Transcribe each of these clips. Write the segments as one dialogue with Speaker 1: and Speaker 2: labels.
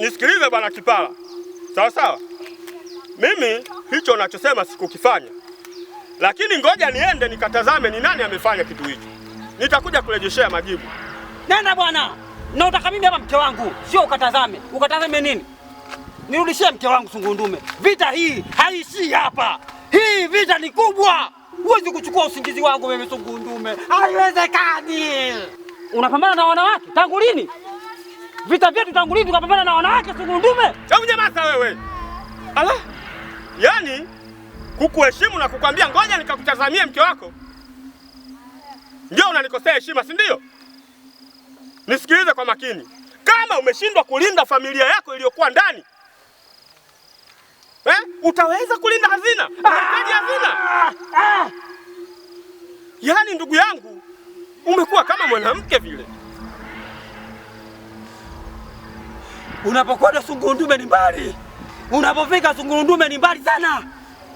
Speaker 1: Nisikilize bwana Kipala, sawa sawa. Mimi hicho nachosema sikukifanya, lakini ngoja niende nikatazame ni nani amefanya kitu hicho, nitakuja kurejeshea majibu.
Speaker 2: Nenda bwana, na utaka mimi hapa mke wangu, sio ukatazame. Ukatazame nini? Nirudishie mke wangu Sungundume. Vita hii haishii hapa, hii vita ni kubwa. Huwezi kuchukua usingizi wangu mimi Sungundume, haiwezekani. Unapambana na wanawake tangu lini? Vita vyetu tangulii tukapambana na wanawake
Speaker 1: sugundume. Hebu nyamaza wewe. Ala. Yaani kukuheshimu na kukwambia ngoja nikakutazamie mke wako. Ndio unanikosea heshima, si ndio? Nisikilize kwa makini. Kama umeshindwa kulinda familia yako iliyokuwa ndani, eh, utaweza kulinda hazina? Unahitaji hazina. Yaani ndugu yangu, umekuwa kama
Speaker 2: mwanamke vile. Unapokwenda sungurundume ni mbali, unapofika sungurundume ni mbali sana.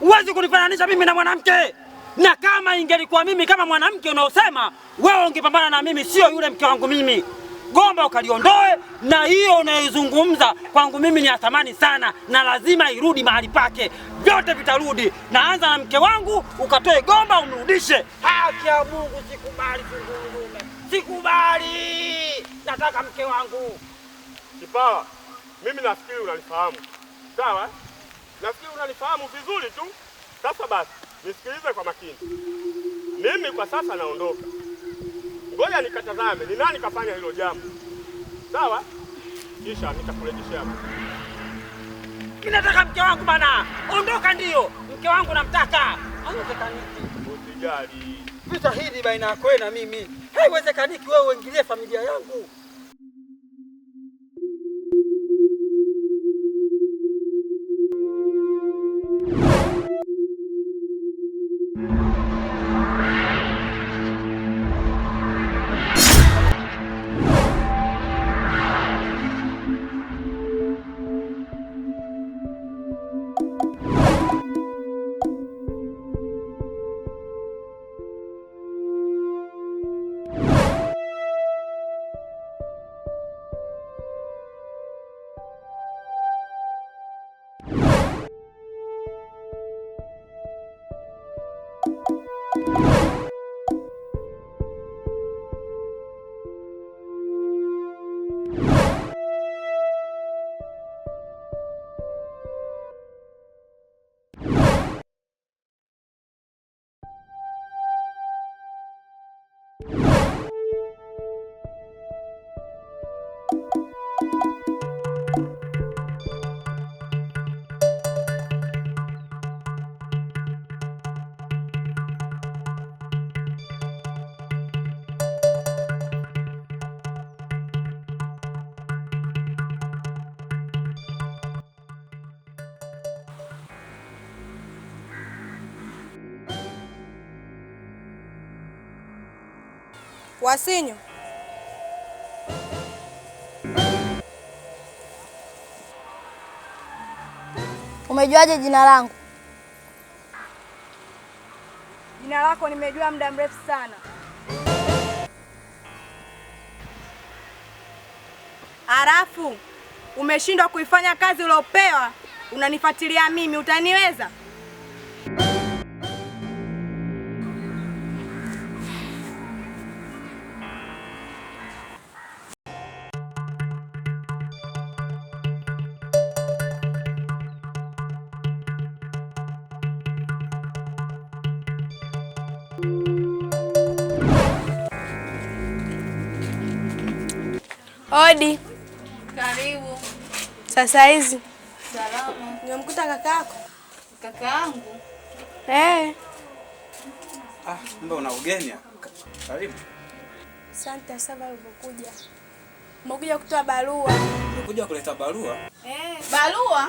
Speaker 2: Huwezi kunifananisha mimi na mwanamke, na kama ingelikuwa mimi kama mwanamke unaosema wewe, ungepambana na mimi, sio yule mke wangu mimi. Gomba ukaliondoe, na hiyo unayoizungumza kwangu mimi ni ya thamani sana, na lazima irudi mahali pake. Vyote vitarudi. Naanza na mke wangu, ukatoe gomba umrudishe. Haki ya Mungu, sikubali Sungurudume, sikubali. Nataka mke wangu
Speaker 1: Kipawa mimi nafikiri unalifahamu sawa, nafikiri unalifahamu vizuri tu. Sasa basi nisikilize kwa makini, mimi kwa sasa naondoka, ngoja nikatazame ni nani kafanya hilo jambo sawa, kisha nitakurejeshea.
Speaker 2: Ninataka mke wangu bana, ondoka. ndio mke wangu namtaka.
Speaker 1: Usijali,
Speaker 2: vita hili baina yako na mimi haiwezekaniki, wewe uingilie familia yangu. you
Speaker 3: Wasinyo umejuaje jina langu? Jina lako nimejua muda mrefu sana. Halafu umeshindwa kuifanya kazi uliopewa, unanifuatilia mimi, utaniweza? Odi. Karibu. Sasa hizi. Salama. Nimemkuta
Speaker 4: kakako. Kakaangu.
Speaker 3: Eh.
Speaker 5: Ah, mbona una ugeni? Karibu.
Speaker 3: Asante sana ulivyokuja. Nimekuja kutoa barua.
Speaker 5: Nimekuja kuleta barua?
Speaker 3: Eh, barua?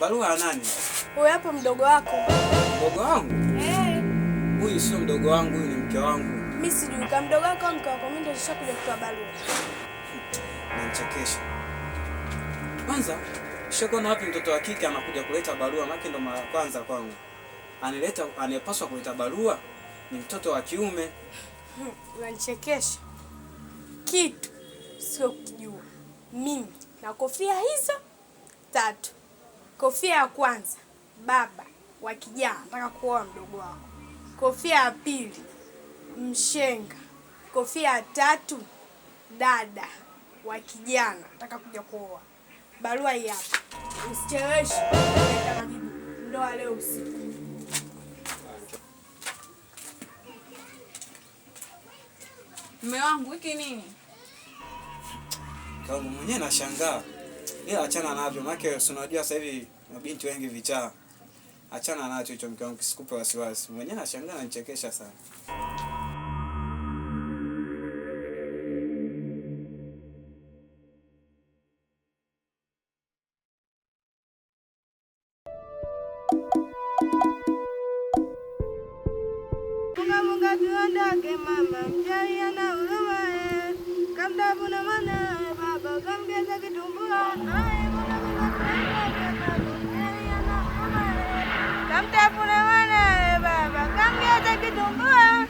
Speaker 3: Barua ya nani? Huyu hapa mdogo wako.
Speaker 5: Mdogo wangu? Eh. Huyu sio mdogo wangu, huyu ni mke wangu
Speaker 3: mimi sijui kama mdogo wako au mke wako, mimi ndio nishakuja kutoa barua.
Speaker 5: Nichekesha. Kwanza shako wapi mtoto wa kike anakuja kuleta barua? Maana ndo mara kwanza kwangu. Anileta anayepaswa kuleta barua ni mtoto wa kiume.
Speaker 3: Hmm, unanichekesha. Kitu sio kujua. Mimi na kofia hizo tatu. Kofia ya kwanza baba wa kijana nataka kuoa mdogo wako. Kofia ya pili mshenga, kofia tatu, dada wa kijana nataka kuja kuoa, barua hii hapa, usicheleweshe, ndoa leo usiku. Mme wangu hiki nini?
Speaker 5: Kama mwenyewe nashangaa, ila achana navyo, maana si unajua sasa hivi mabinti wengi vichaa. Achana nacho hicho, mke wangu, sikupe wasiwasi. Mwenyewe nashangaa, nanichekesha sana. Baba, mteliana huruma, eh. Kamtafuna mwana, baba, kamtia takitumbua.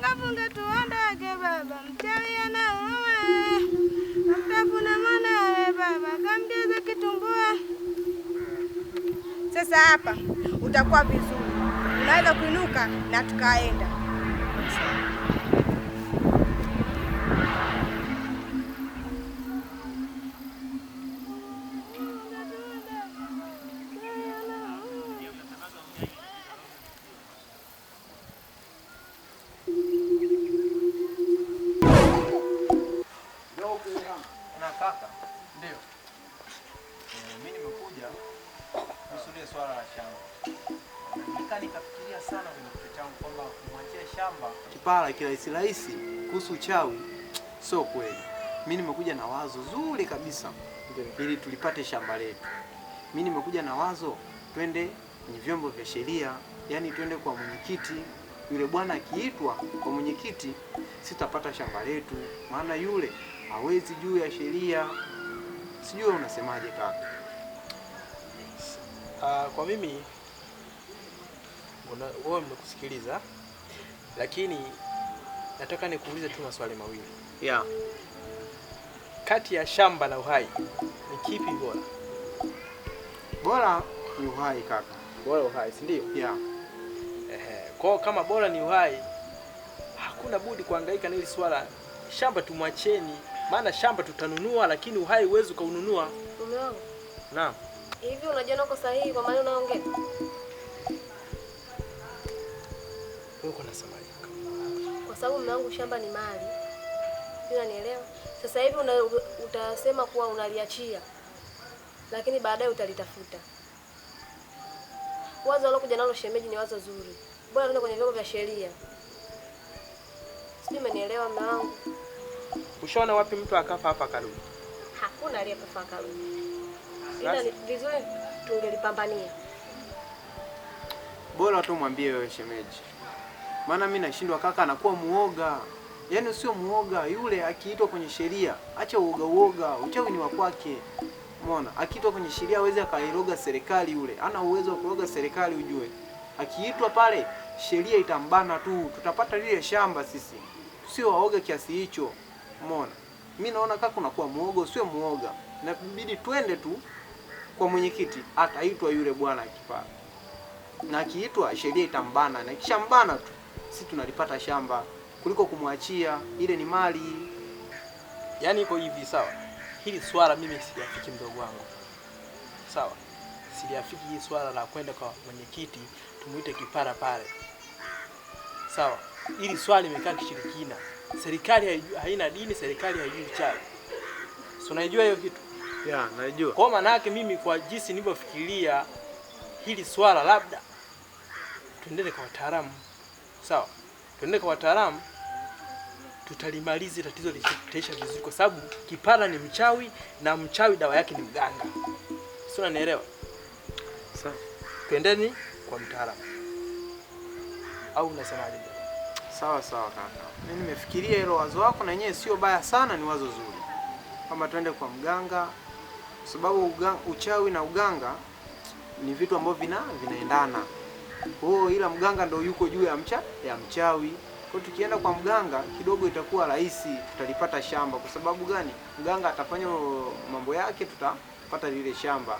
Speaker 6: Fungafunga tuondoke baba, mchawi anauma, mtafuna mwanawe baba, kamjaza kitumbua. Sasa hapa utakuwa vizuri, unaweza kuinuka na tukaenda
Speaker 7: moja kuhusulia swala la shamba, nikafikiria sana kwenye kichwa changu kwamba kumwachia
Speaker 8: shamba kipara kirahisi rahisi kuhusu uchawi sio kweli. Mi nimekuja na wazo zuri kabisa ili tulipate shamba letu. Mi nimekuja na wazo, twende kwenye vyombo vya sheria, yaani twende kwa mwenyekiti yule bwana akiitwa kwa mwenyekiti, sitapata shamba letu, maana yule hawezi juu ya sheria. Sijui unasemaje kaka?
Speaker 7: Uh, kwa mimi wewe mmekusikiliza, lakini nataka nikuulize tu maswali mawili yeah. Kati ya shamba na uhai ni kipi bora?
Speaker 8: Bora ni uhai kaka,
Speaker 7: bora uhai, si ndio? Yeah. Ehe, kwao kama bora ni uhai, hakuna budi kuhangaika na hili swala shamba, tumwacheni, maana shamba tutanunua, lakini uhai huwezi ukaununua. Naam.
Speaker 3: Hivi unajiona uko sahihi kwa maana unaongea?
Speaker 7: Uko nasemaje?
Speaker 3: Kwa sababu mume wangu shamba ni mali. Unanielewa? Sasa hivi una, utasema kuwa unaliachia lakini baadaye utalitafuta. Wazo alokuja nalo shemeji ni wazo zuri, bora nenda kwenye vyombo vya sheria. Sijui umenielewa mume wangu.
Speaker 7: Ushaona wapi mtu akafa hapa
Speaker 3: akarudi? Hakuna aliyekufa akarudi ila vizuri tungelipambania.
Speaker 8: Bora tu mwambie wewe shemeji, maana mimi nashindwa. Kaka anakuwa muoga, yaani sio muoga yule, akiitwa kwenye sheria acha uoga uoga, uchawi ni wa kwake. Umeona, akiitwa kwenye sheria aweze akairoga serikali, yule ana uwezo wa kuroga serikali. Ujue akiitwa pale sheria itambana tu, tutapata lile shamba sisi, sio waoga kiasi hicho. Umeona, mimi naona kaka unakuwa muoga, sio muoga, na inabidi twende tu kwa mwenyekiti, ataitwa yule bwana akipaa, na akiitwa sheria itambana, na mbana tu si tunalipata shamba kuliko kumwachia, ile ni mali.
Speaker 7: Yaani iko hivi, sawa. Hili swala mimi siliafiki mdogo wangu, sawa, siliafiki hii swala la kwenda kwa mwenyekiti tumuite kipara pale, sawa. Hili swala limekaa kishirikina, serikali haina dini, serikali haijui uchawi, si unaijua
Speaker 8: hiyo kitu yeah,
Speaker 7: najua. Kwa maana yake mimi kwa jinsi nilivyofikiria hili swala, labda tuendele kwa wataalamu sawa, tuendele kwa wataalamu tutalimalizi tatizo litaisha vizuri, kwa sababu kipara ni mchawi na mchawi dawa yake ni mganga, si unanielewa? Sawa, twendeni kwa mtaalamu, au unasemaje?
Speaker 8: Sawa sawa kaka, mimi nimefikiria hilo wazo wako, na yeye sio baya sana, ni wazo zuri, kama twende kwa mganga sababu uga, uchawi na uganga ni vitu ambavyo vina vinaendana. Kwa hiyo ila mganga ndio yuko juu ya mcha ya mchawi. Kwa tukienda kwa mganga kidogo itakuwa rahisi, tutalipata shamba. Kwa sababu gani? Mganga atafanya mambo yake, tutapata lile shamba.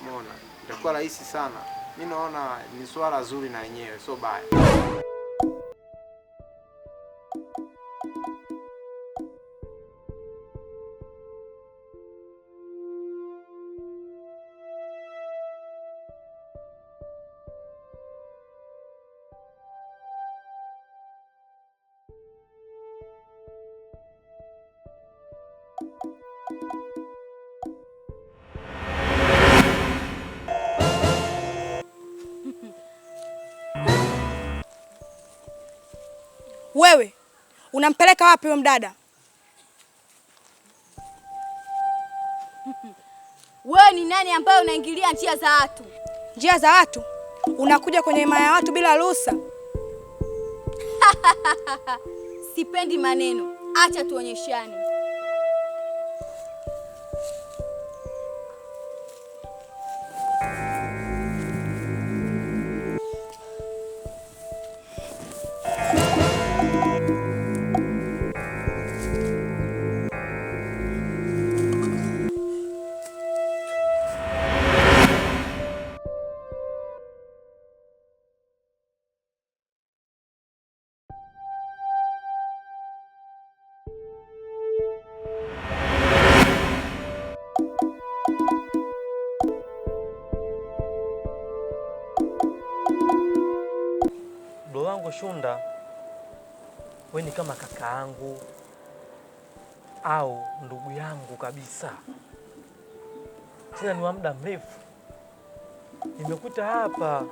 Speaker 8: Umeona, itakuwa rahisi sana. Mi naona ni swala zuri na yenyewe sio baya.
Speaker 3: Wewe unampeleka wapi huyo mdada?
Speaker 9: Wewe ni nani ambaye unaingilia njia
Speaker 3: za watu? Njia za watu? Unakuja kwenye himaya ya watu bila ruhusa?
Speaker 9: Sipendi maneno, acha tuonyeshane.
Speaker 10: kama kaka yangu au ndugu yangu kabisa, tena ni wa muda mrefu. Nimekuta hapa,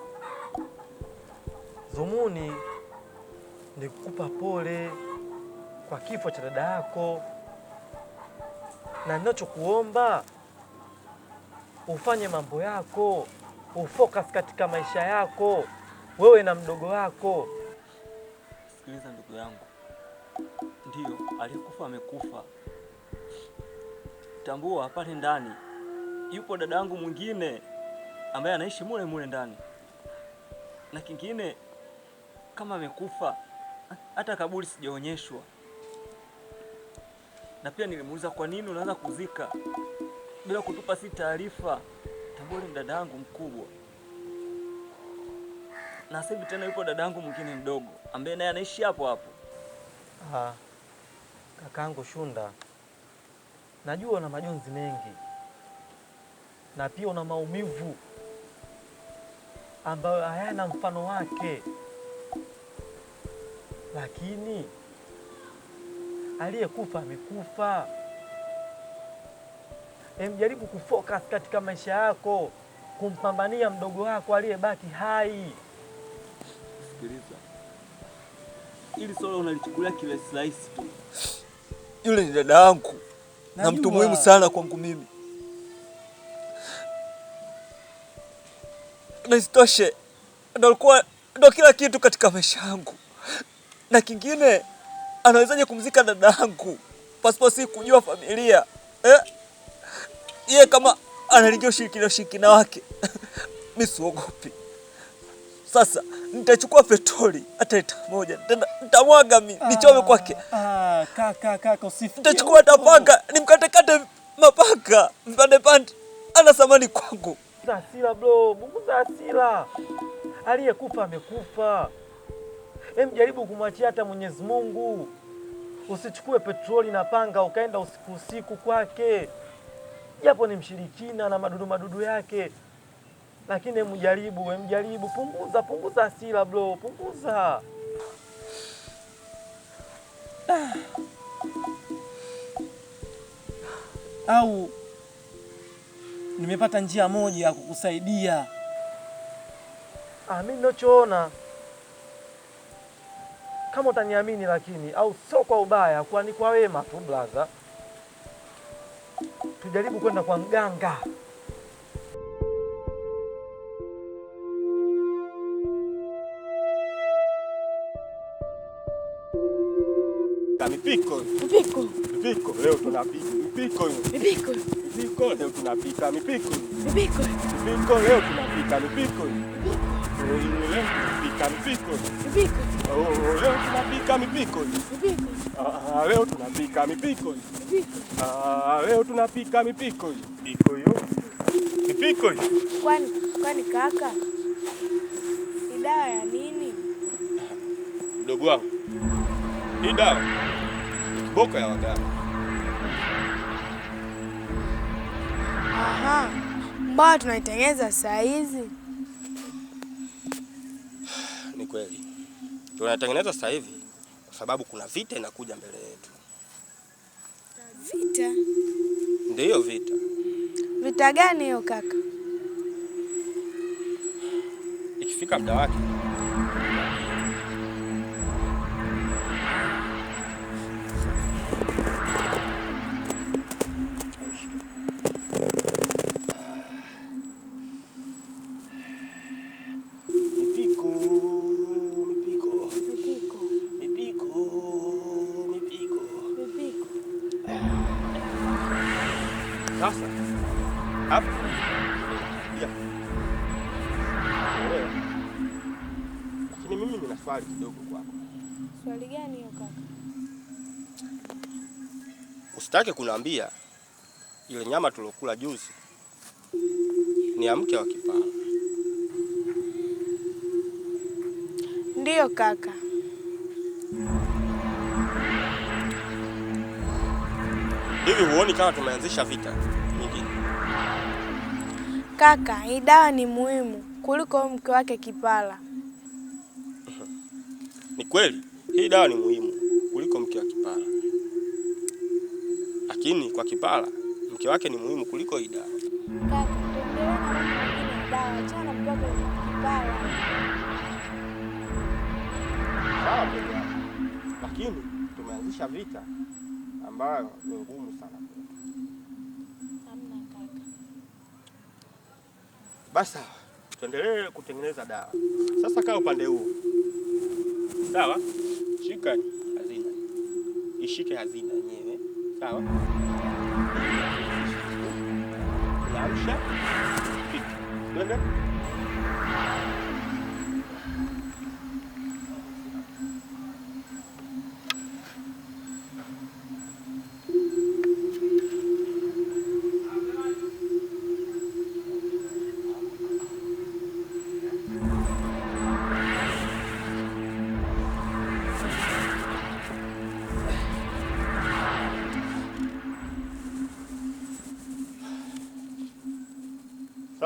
Speaker 10: dhumuni ni kukupa pole kwa kifo cha dada yako, na ninachokuomba ufanye mambo yako, ufocus katika maisha yako, wewe na mdogo wako.
Speaker 11: Sikiliza ndugu yangu ndio aliyekufa amekufa. Tambua pale ndani yupo dadangu mwingine ambaye anaishi mule mule ndani, na kingine kama amekufa, hata kaburi sijaonyeshwa, na pia nilimuuliza kwa nini unaanza kuzika bila kutupa si taarifa. Tambua ni dadangu mkubwa, na sasa tena yupo dadangu mwingine mdogo ambaye naye anaishi hapo hapo.
Speaker 10: Aha. Kakaangu Shunda, najua una majonzi mengi na pia una maumivu ambayo hayana mfano wake, lakini aliyekufa amekufa. Emjaribu kufocus katika maisha yako, kumpambania mdogo wako aliyebaki hai.
Speaker 11: Sikiliza, ili swala unalichukulia kirahisi rahisi tu
Speaker 10: yule ni dada yangu na mtu muhimu sana kwangu mimi, na isitoshe ndo alikuwa ndo kila kitu katika maisha yangu. Na kingine, anawezaje kumzika dada yangu pasipo si kujua familia eh? Yeye kama analingia ushirikina ushirikina wake mi siogopi. Sasa nitachukua petroli hata lita moja nitamwaga mimi, ah, nichome kwake. kaka ah, kaka, usifikie. Nitachukua hata paka nimkatekate mapaka mpande pande, ana samani
Speaker 12: kwangu. Hasira bro, punguza hasira. Aliyekufa amekufa. Hem, jaribu kumwachia hata Mwenyezi Mungu. Usichukue petroli na panga ukaenda usiku usiku kwake, japo ni mshirikina na madudu madudu yake lakini mjaribu, mjaribu, punguza punguza hasira bro, punguza
Speaker 10: ah. Au nimepata njia moja ya kukusaidia. Ah, mimi nachoona kama utaniamini, lakini au sio kwa ubaya, kwani kwa wema tu brother, tujaribu kwenda kwa mganga.
Speaker 13: Mpiko. Mpiko.
Speaker 14: Mpiko. Leo tunapika. Mpiko.
Speaker 13: Mpiko.
Speaker 14: Mpiko. Leo tunapika mipiko. Mpiko. Mpiko. Leo tunapika mipiko. Oh, oh, leo tunapika mipiko. Ah, ah,
Speaker 13: leo tunapika
Speaker 14: mipiko. Ah, leo tunapika mipiko. Mpiko. Leo
Speaker 13: mipiko. hiyo. Kwani kwani kaka? Ni dawa ya nini?
Speaker 14: Mdogo wangu. Ni dawa Boka ya wadau.
Speaker 13: Aha, mbao tunaitengeneza saa hizi.
Speaker 14: Ni kweli tunaitengeneza sasa hivi kwa sababu kuna vita inakuja mbele yetu. Vita? Ndiyo, vita.
Speaker 13: Vita gani hiyo kaka?
Speaker 14: Ikifika muda wake Sitaki kunaambia ile nyama tulokula juzi ni ya mke wa Kipala.
Speaker 13: Ndiyo kaka.
Speaker 14: Hivi huoni kama tumeanzisha vita nyingine?
Speaker 13: Kaka, hii dawa ni muhimu kuliko mke wake Kipala.
Speaker 14: Ni kweli hii dawa ni muhimu, lakini kwa Kipala mke wake ni muhimu kuliko Ida. Lakini tumeanzisha vita ambayo ni ngumu sana. Basa, tuendelee kutengeneza dawa. Sasa kaa upande huo, sawa?
Speaker 15: Shika hazina,
Speaker 14: ishike hazina yenyewe, sawa? Şey. Klavische. Drinne.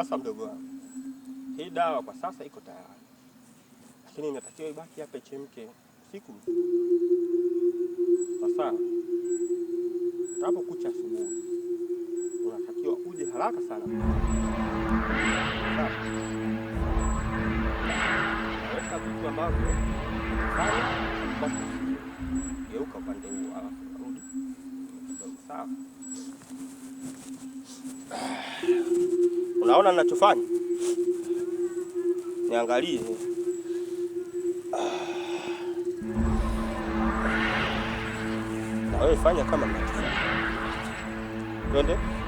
Speaker 14: Sasa mdogo wangu, hii dawa kwa sasa iko tayari, lakini inatakiwa ibaki hapa ichemke siku sasa. Tapo kucha asubuhi, unatakiwa uje haraka sana weka vitu ambavyo geuka upande alafu sawa? Unaona ninachofanya? Niangalie. Ah. Na wewe fanya kama ninachofanya. Twende.